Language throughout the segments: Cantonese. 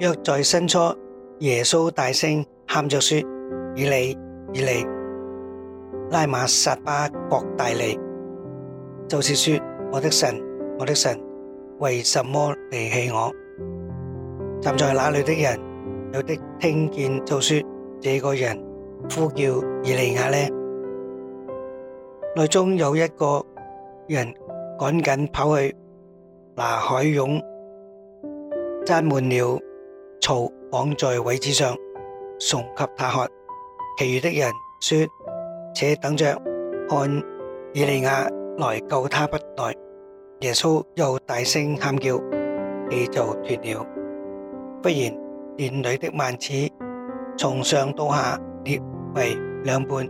約在申初，耶穌大聲喊着說：以利，以利，拉馬撒巴各大利，就是說我的神，我的神，為什麼離棄我？站在那裡的人，有的聽見就說：這個人呼叫以利亞呢？內中有一個人趕緊跑去拿海涌，蘸滿了。槽綁在位置上，送給他喝。其餘的人說：且等着看以利亞來救他，不待耶穌又大聲喊叫：地就斷了。忽然殿裏的幔子從上到下裂為兩半，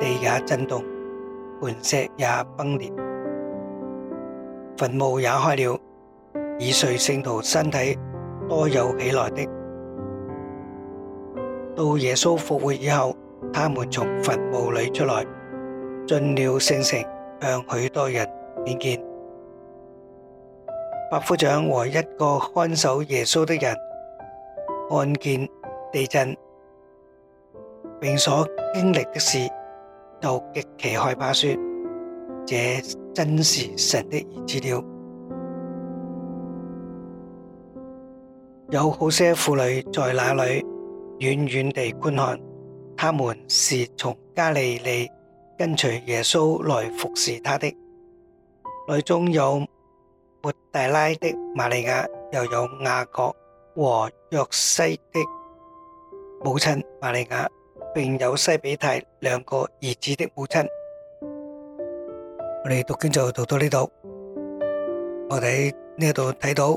地也震動，磐石也崩裂，墳墓也開了，以遂聖徒身體。多有起來的，到耶穌復活以後，他們從墳墓裏出來，進了聖城，向許多人面見。百夫長和一個看守耶穌的人看見地震，並所經歷的事，就極其害怕，說：這真是神的兒子了。有好些婦女在那裏遠遠地觀看，他們是從加利利跟隨耶穌來服侍他的。內中有抹大拉的馬利亞，又有雅各和約西的母親馬利亞，並有西比太兩個兒子的母親。 我哋讀經就讀到呢度，我哋呢度睇到。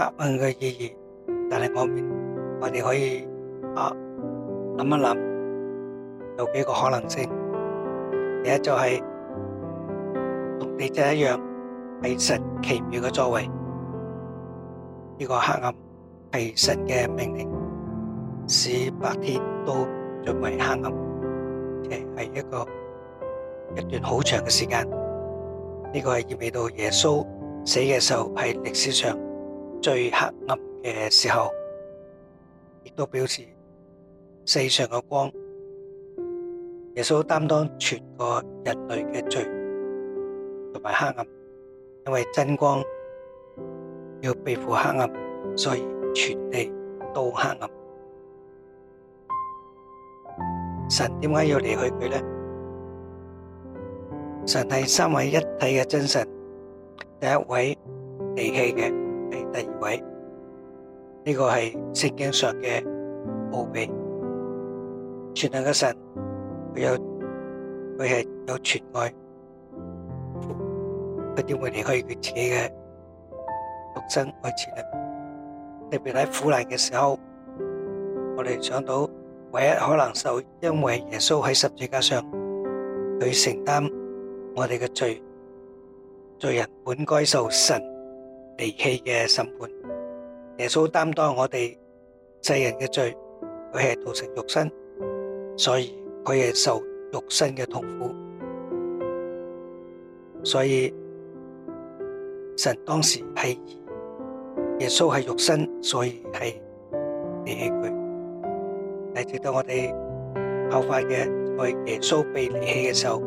黑暗嘅意義，但係我哋可以啊諗一諗，有幾個可能性。第一就係同地震一樣係神奇妙嘅作為，呢個黑暗係神嘅命令，使白天都轉為黑暗嘅，係一個一段好長嘅時間。呢個係意味到耶穌死嘅時候係歷史上。最黑暗嘅時候，亦都表示世上嘅光。耶穌擔當全個人類嘅罪同埋黑暗，因為真光要背負黑暗，所以全地都黑暗。神點解要離開佢呢？神係三位一體嘅真神，第一位離棄嘅。係第二位，呢個係聖經上嘅奧秘。全能嘅神，佢有佢係有全愛，佢點會離開佢自己嘅獨生愛子呢？特別喺苦難嘅時候，我哋想到唯一可能受，因為耶穌喺十字架上，佢承擔我哋嘅罪，罪人本該受神。離棄嘅審判，耶穌擔當我哋世人嘅罪，佢係道成肉身，所以佢係受肉身嘅痛苦，所以神當時係耶穌係肉身，所以係離棄佢，但係直到我哋後發嘅，在耶穌被離棄嘅時候，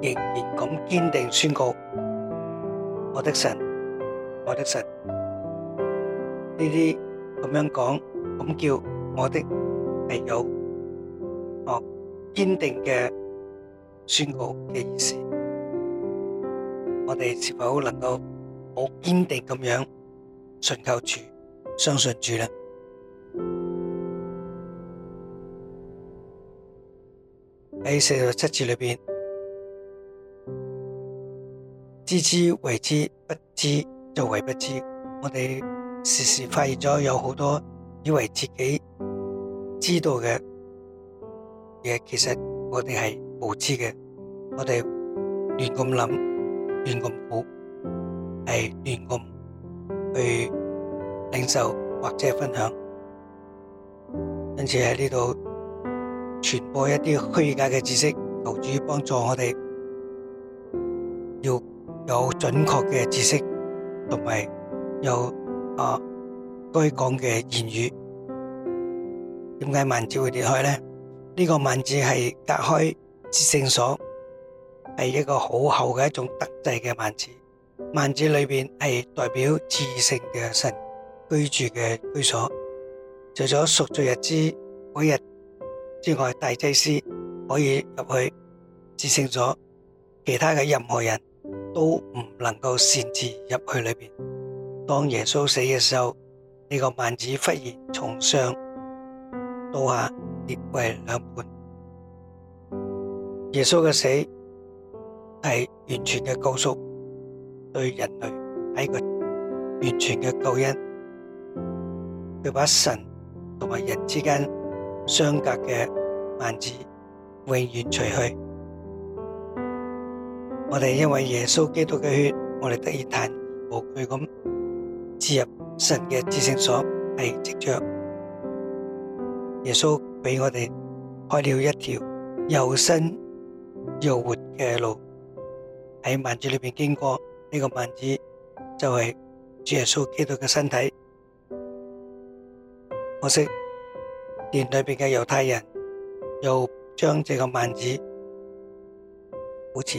仍然咁堅定宣告：我的神。我的神，呢啲咁樣講咁叫我的唯有，哦堅定嘅宣告嘅意思，我哋是否能夠好堅定咁樣信靠住，相信住呢？喺四十七節裏邊，知之為知，不知。作為不知，我哋時時發現咗有好多以為自己知道嘅嘢，其實我哋係無知嘅。我哋亂咁諗，亂咁估，係亂咁去領受或者分享，因此喺呢度傳播一啲虛假嘅知識，求主幫助我哋要有準確嘅知識。同埋有啊，該講嘅言語，點解萬字會裂開咧？呢個萬字係隔開至聖所，係一個好厚嘅一種特製嘅萬字。萬字裏邊係代表至聖嘅神居住嘅居所。除咗贖罪日之每日之外，大祭司可以入去至聖所，其他嘅任何人。都唔能夠擅自入去裏邊。當耶穌死嘅時候，呢個幔子忽然從上到下裂為兩半。耶穌嘅死係完全嘅救贖，對人類係一個完全嘅救恩。佢把神同埋人之間相隔嘅幔子永遠除去。我哋因為耶穌基督嘅血，我哋得以坦然無懼咁進入神嘅至聖所，係藉着耶穌俾我哋開了一條又新又活嘅路。喺幔子裏邊經過，呢個幔子就係主耶穌基督嘅身體。可惜殿裏邊嘅猶太人又將這個幔子好似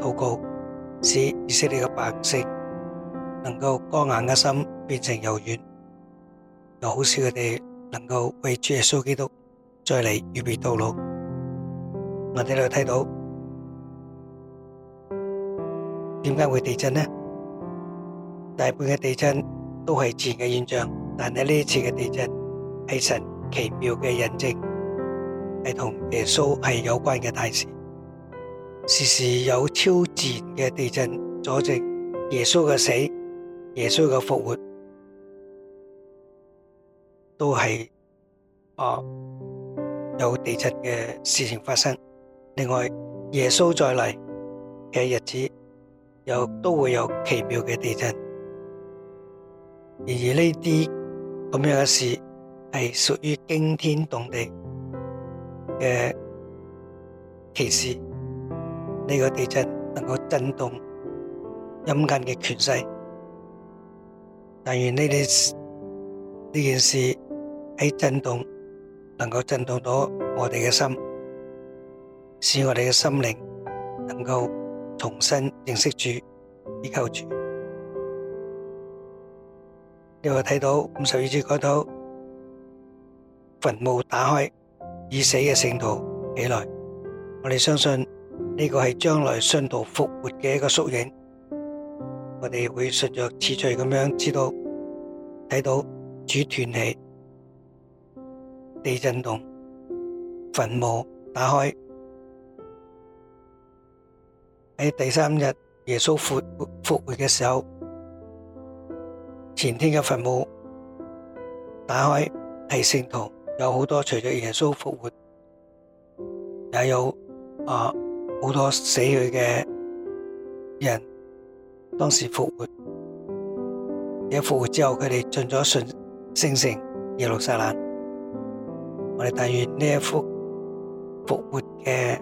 禱告，使以色列嘅百姓能夠剛硬嘅心變成柔軟，又好使佢哋能夠為主耶穌基督再嚟預備道路。我哋嚟睇到點解會地震呢？大半嘅地震都係自然嘅現象，但係呢一次嘅地震係神奇妙嘅印證，係同耶穌係有關嘅大事。時時有超自然嘅地震，佐證耶穌嘅死、耶穌嘅復活，都係啊有地震嘅事情發生。另外，耶穌再嚟嘅日子，又都會有奇妙嘅地震。然而呢啲咁樣嘅事，係屬於驚天動地嘅奇事。呢個地震能夠震動陰間嘅權勢，但願呢啲呢件事，喺震動，能夠震動到我哋嘅心，使我哋嘅心靈能夠重新認識主，依靠主。你會睇到五十二節嗰度墳墓打開，已死嘅聖徒起來，我哋相信。呢個係將來信徒復活嘅一個縮影，我哋會順着次序咁樣知道睇到主斷氣、地震動、墳墓打開。喺第三日耶穌復復活嘅時候，前天嘅墳墓打開係聖徒有好多，隨着耶穌復活，也有啊。好多死去嘅人，當時復活，一復活之後，佢哋進咗聖聖城耶路撒冷。我哋但願呢一幅復活嘅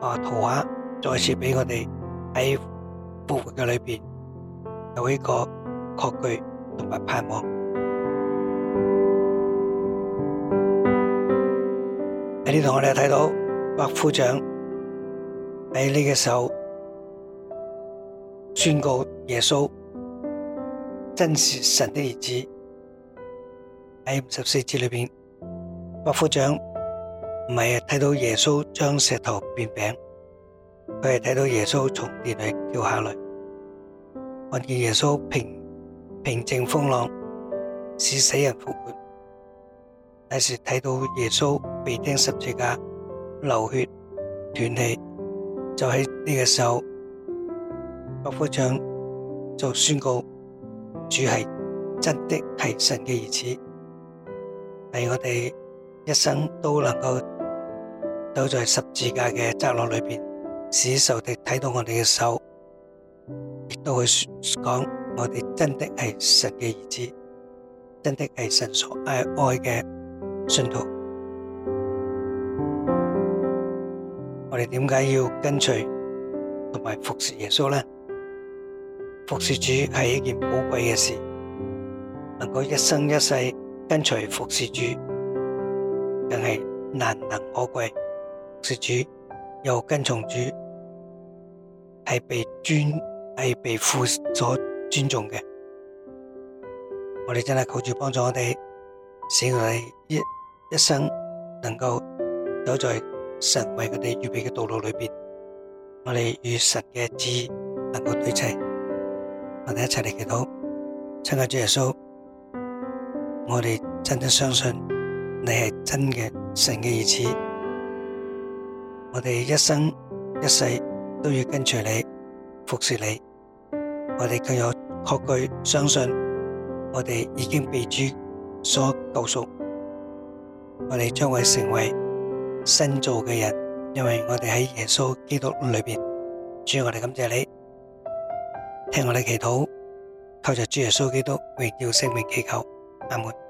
啊圖畫，再次俾我哋喺復活嘅裏邊有呢個確據同埋盼望。喺呢度我哋睇到百夫長。喺呢個時候，宣告耶穌真是神的兒子。喺五十四節裏邊，百夫長唔係啊，睇到耶穌將石頭變餅，佢係睇到耶穌從殿裏跳下來，看見耶穌平平靜風浪，使死人復活，還是睇到耶穌被釘十字架，流血斷氣。就喺呢個時候，百夫長就宣告主係真的係神嘅兒子，令我哋一生都能夠走在十字架嘅窄路裏邊，使仇敵睇到我哋嘅手，亦都會講我哋真的係神嘅兒子，真的係神所愛愛嘅信徒。我哋點解要跟隨同埋服侍耶穌呢？服侍主係一件寶貴嘅事，能夠一生一世跟隨服侍主，更係難能可貴。服侍主又跟從主，係被尊，係被父所尊重嘅。我哋真係求主幫助我哋，使我哋一一生能夠走在。神為佢哋預備嘅道路裏邊，我哋與神嘅旨意能夠對齊，我哋一齊嚟祈禱。親愛主耶穌，我哋真正相信你係真嘅神嘅兒子，我哋一生一世都要跟隨你、服侍你。我哋更有確據相信，我哋已經被主所救贖，我哋將會成為。新造嘅人，因為我哋喺耶穌基督裏面。主，我哋感謝你，聽我哋祈禱，靠着主耶穌基督，榮耀聖名祈求，阿門。